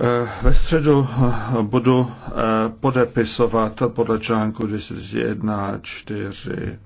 Eh, ve středu eh, budu eh, podepisovat podle článku 201.4